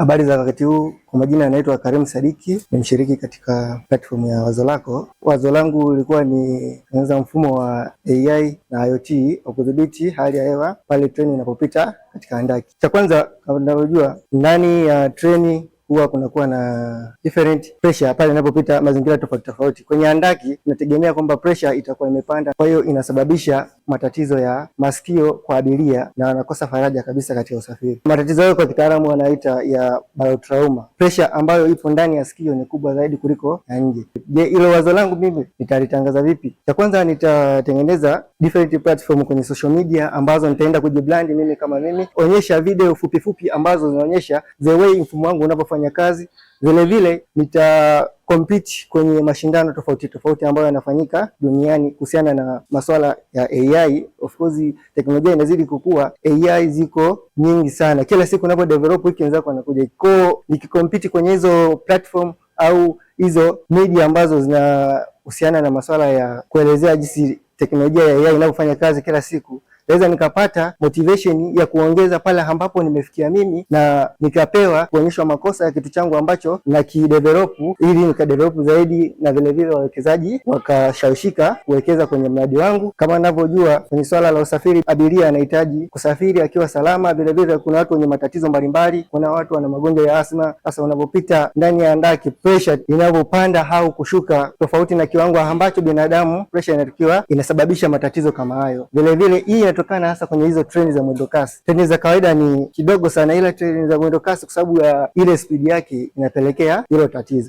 Habari za wakati huu, kwa majina anaitwa Karim Sadiki, ni mshiriki katika platform ya Wazo Lako. Wazo langu ilikuwa ni kuanza mfumo wa AI na IoT wa kudhibiti hali ya hewa pale treni inapopita katika handaki. Cha kwanza, kama tunavyojua, ndani ya treni huwa kunakuwa na different pressure pale inapopita mazingira tofauti tofauti. Kwenye handaki tunategemea kwamba pressure itakuwa imepanda, kwa hiyo inasababisha matatizo ya masikio kwa abiria na wanakosa faraja kabisa katika usafiri. Matatizo hayo kwa kitaalamu wanaita ya barotrauma. Presha ambayo ipo ndani ya sikio ni kubwa zaidi kuliko ya nje. Je, ilo wazo langu mimi nitalitangaza vipi? Cha kwanza nitatengeneza different platform kwenye social media ambazo nitaenda kujibrand mimi kama mimi, onyesha video fupifupi fupi ambazo zinaonyesha the way mfumo wangu unavyofanya kazi Vilevile nita compete kwenye mashindano tofauti tofauti ambayo yanafanyika duniani kuhusiana na masuala ya AI. Of course teknolojia inazidi kukua, AI ziko nyingi sana, kila siku unapo develop wiki wenzako anakuja ko. Nikikompete kwenye hizo platform au hizo media ambazo zinahusiana na masuala ya kuelezea jinsi teknolojia ya AI inavyofanya kazi kila siku naweza nikapata motivation ya kuongeza pale ambapo nimefikia mimi, na nikapewa kuonyeshwa makosa ya kitu changu ambacho na kidevelop, ili nikadevelop zaidi, na vilevile wawekezaji wakashawishika kuwekeza kwenye mradi wangu. Kama navyojua kwenye swala la usafiri, abiria anahitaji kusafiri akiwa salama. Vilevile kuna watu wenye matatizo mbalimbali, kuna watu wana magonjwa ya asma. Sasa unavyopita ndani ya ndaki, pressure inavyopanda au kushuka, tofauti na kiwango ambacho binadamu pressure inatakiwa, inasababisha matatizo kama hayo. Vilevile hii imetokana hasa kwenye hizo treni za mwendokasi. Treni za kawaida ni kidogo sana, ila treni za mwendokasi kwa sababu ya ile spidi yake inapelekea hilo tatizo.